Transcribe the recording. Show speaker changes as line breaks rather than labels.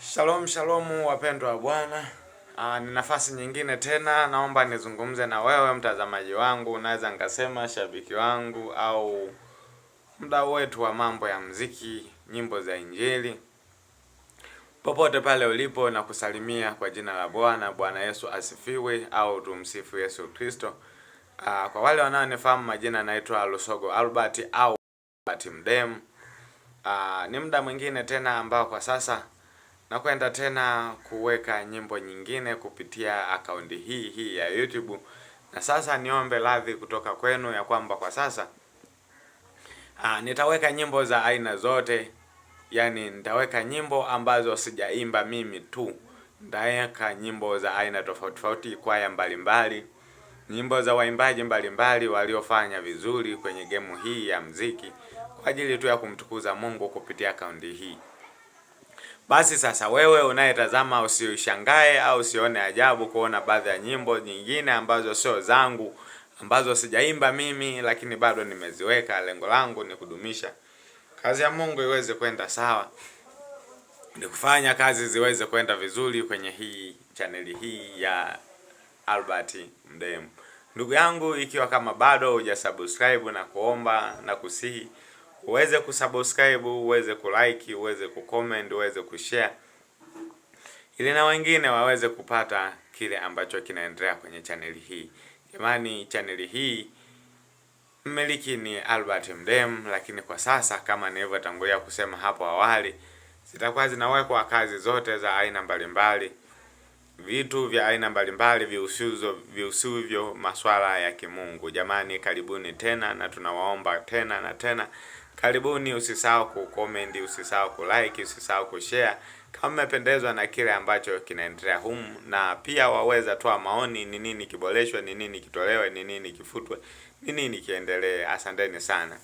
Shalom shalom, wapendwa Bwana. Bwana. Ah, ni nafasi nyingine tena, naomba nizungumze na wewe mtazamaji wangu, naweza nikasema shabiki wangu au mdau wetu wa mambo ya mziki, nyimbo za Injili, popote pale ulipo, na kusalimia kwa jina la Bwana. Bwana Yesu asifiwe, au tumsifu Yesu Kristo. Ah, kwa wale wanaonifahamu majina, naitwa Lusogo Albert au Albert Mdemu. Ah, ni muda mwingine tena ambao kwa sasa na kwenda tena kuweka nyimbo nyingine kupitia akaunti hii hii ya YouTube. Na sasa niombe radhi kutoka kwenu ya kwamba kwa sasa aa, ah, nitaweka nyimbo za aina zote, yani nitaweka nyimbo ambazo sijaimba mimi tu, nitaweka nyimbo za aina tofauti tofauti, kwaya mbalimbali, nyimbo za waimbaji mbalimbali waliofanya vizuri kwenye gemu hii ya mziki kwa ajili tu ya kumtukuza Mungu kupitia akaunti hii. Basi sasa wewe unayetazama usishangae au usione ajabu kuona baadhi ya nyimbo nyingine ambazo sio zangu, ambazo sijaimba mimi, lakini bado nimeziweka. Lengo langu ni kudumisha kazi ya Mungu iweze kwenda sawa, ni kufanya kazi ziweze kwenda vizuri kwenye hii chaneli hii ya Albert Mdem. Ndugu yangu, ikiwa kama bado hujasubscribe na kuomba na kusihi uweze kusubscribe, uweze kulike, uweze kucomment, uweze kushare ili na wengine waweze kupata kile ambacho kinaendelea kwenye chaneli hii. Jamani, chaneli hii mmiliki ni Albert Mdem, lakini kwa sasa kama nilivyotangulia kusema hapo awali, zitakuwa zinawekwa kazi zote za aina mbalimbali, vitu vya aina mbalimbali, viusuzo viusuvyo, maswala ya kimungu. Jamani, karibuni tena na tunawaomba tena na tena Karibuni, usisahau comment, usisahau like, usisahau share kama umependezwa na kile ambacho kinaendelea humu, na pia waweza toa maoni, ni nini kiboreshwe, ni nini kitolewe, ni nini kifutwe, ni nini kiendelee. Asanteni sana.